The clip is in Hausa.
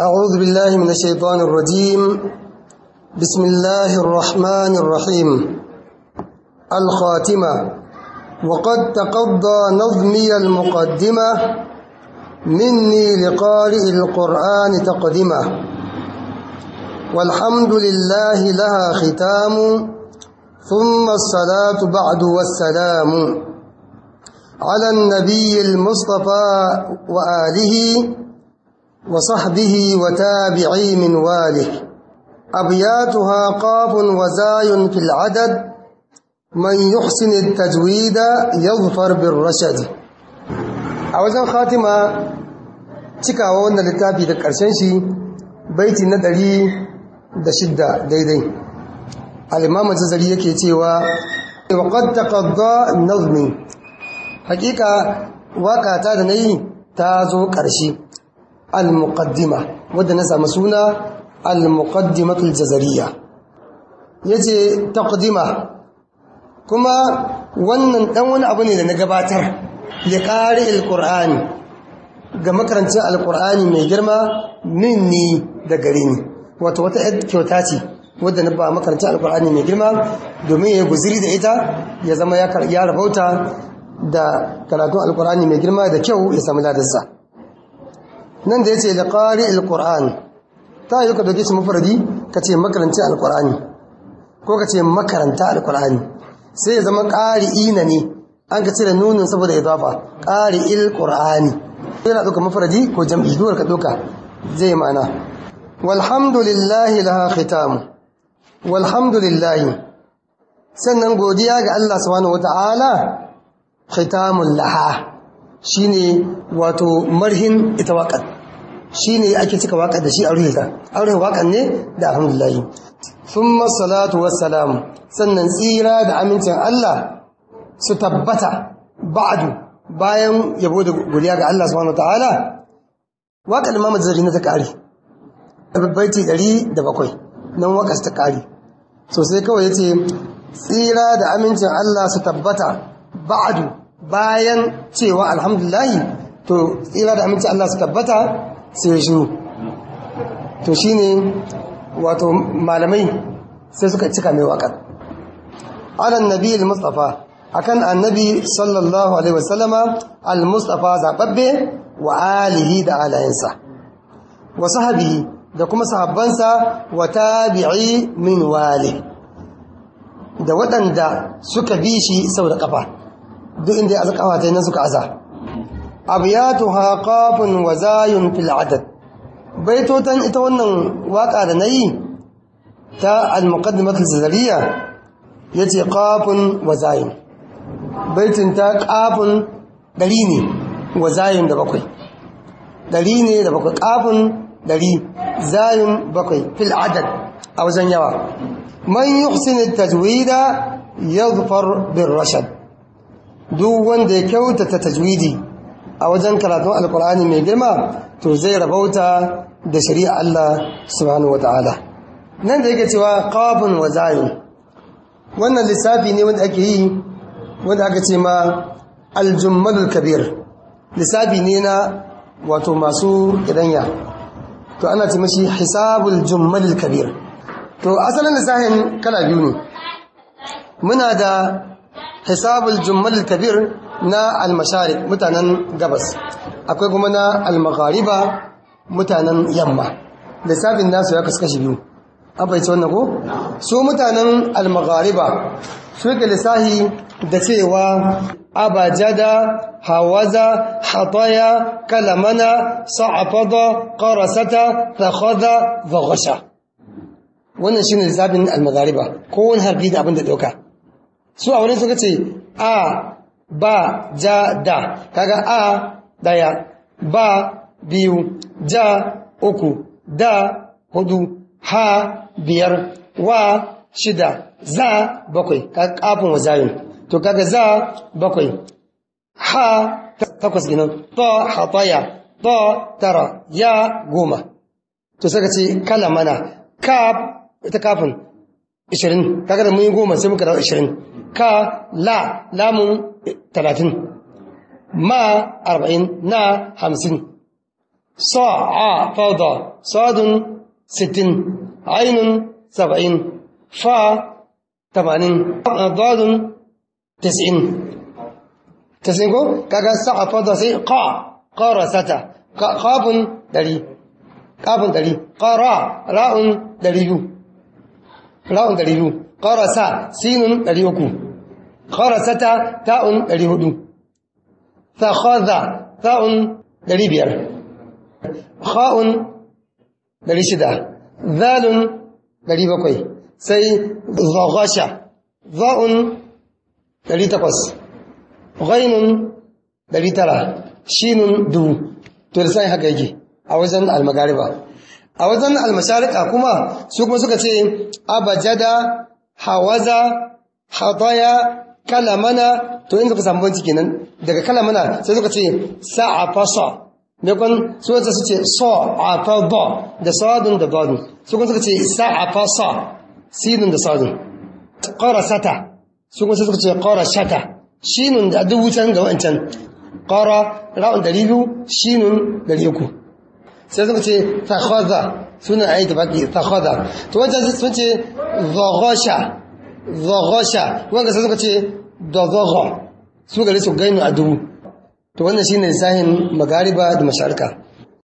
أعوذ بالله من الشيطان الرجيم بسم الله الرحمن الرحيم الخاتمة وقد تقضى نظمي المقدمة مني لقارئ القرآن تقدمة والحمد لله لها ختام ثم الصلاة بعد والسلام على النبي المصطفى وآله وصحبه وتابعي من واله أبياتها قاف وزاي في العدد من يحسن التجويد يظفر بالرشد أولاً خاتمة تكا وانا لتابي دكارشنشي بيت ندري دشدة ديدي الإمام الزلزلية و وقد تقضى نظمي حقيقة وكا تادني تازو كرشي al-muqaddima wadda na sami suna al-muqaddimatul jazariya yace taqdima kuma wannan dan wani abu ne da na gabatar ya qari'il qur'ani ga makarancin alqur'ani mai girma ni da gare ni wato wata kyauta ce wadda na ba makarancin alqur'ani mai girma domin ya guziri da ita ya zama ya rabauta da karatun alqur'ani mai girma da kyau ya samu ladarsa nan da ya ce da ƙari alquran ta yi ka dauke shi ka ce makaranci Alƙur'ani? ko ka ce makaranta Alƙur'ani? sai ya zama ƙari ina ne an ka cire nunin saboda ya idafa qari ko yana ɗauka mufradi ko jam'i duwar ka ɗauka zai ma'ana walhamdulillahi laha khitamu walhamdulillahi sannan godiya ga Allah subhanahu wata'ala khitamul laha shine wato marhin ita waƙar shi ne ake cika waƙa da shi a ruhe ta an ruhe waƙa ne da alhamdulahi sun masalatu wassalamu sannan tsira da amincin Allah su tabbata ba'adu bayan yabo da godiya ga Allah subhanahu wataala waƙar Imam Zari na ta kare da 107 nan waƙar ta kare sosai kawai yace tsira da amincin Allah su tabbata ba'adu bayan cewa alhamdulahi to tsira da amincin Allah su tabbata sai shi to shi ne wato malamai sai suka cika mai waƙar alan nabi al-mustafa akan annabi sallallahu alaihi wasallama al-mustafa zababbe wa alihi da alayensa wa sahabi da kuma sahabbansa wa tabi'i min wali da waɗanda suka bi shi sau da ƙafa duk inda ya aza ta yi nan suka aza abyatuha qafun wa zayun fil adad baitotan ita wannan waka da nayi ta al-muqaddimat al-zariya yace qafun wa zayun baitin ta qafun dari ne wa zayun da bakwai dari ne da bakwai qafun dari zayun bakwai fil adad a wajen yawa man yuhsinu tajwida yadhfar bir rashad duk wanda ya kyautata tajwidi a wajen karatun alkur'ani mai girma to zai rabauta da shari'a Allah subhanahu ta'ala. nan da yake cewa qafun wa zayun wannan lissafi ne wanda ake yi wanda aka ce ma aljummalul kabir lissafi ne na wato masu idanya to ana ce mashi hisabul jummalul kabir to asalin lissafin kala biyu ne muna da hisabul jummalul kabir na almasharik mutanen gabas akwai kuma na almagariba mutanen yamma lissafin nasu ya kaskashi biyu an bai wannan ko su mutanen almagariba su ke lissafi da cewa abajada hawaza hataya kalamana sa'afada karasata takhadha zaghasha wannan shine lissafin almagariba ko wani harfi da abin da dauka su a wurin suka ce a ba ja da kaga a daya ba biyu ja uku da hudu ha biyar wa shida za bakwai kafin wazayin to kaga za bakwai ha takwas ginin ta hataya ta tara ya goma to saka ce kala mana ka ita kafin 20 kaga da mun yi goma sai muka dawo 20 ka la lamun 30 ma 40 na 50 صاع فوضى صاد ستين عين سبعين فا ثمانين ضاد تسعين تسعين كو كاكا صاع فوضى سي قاع قارة ستا قاب دلي قاب دلي قارا راء دليو ra'un ɗari biyu ƙarasa sinin ɗari uku ƙarasata ta'un ɗari hudu takhaza ta'un ɗari biyar kha'un ɗari shida zalun ɗari bakwai sai zagasha za'un ɗari takwas ghainun ɗari tara shinun dubu to sai haka yake a wajen almagariba a wajen almasharika kuma su kuma suka ce abajada hawaza hadaya kalamana to inda ka samu banci kenan daga kalamana sai suka ce sa'afasa mekon su wata su ce sa'afada da sadun da dadun su kuma suka ce so, sinun da sadun qarasata su kuma suka ce qarashata shinun da dubu can ga wancan qara ra'un 200 shinun 300 sai suka ce takhaza sunan ayi da baki takhaza to wajen sun ce zaghasha zaghasha wanda sai suka ce dazagha su gare su gainu a dubu to wannan shine sahin magariba da masharika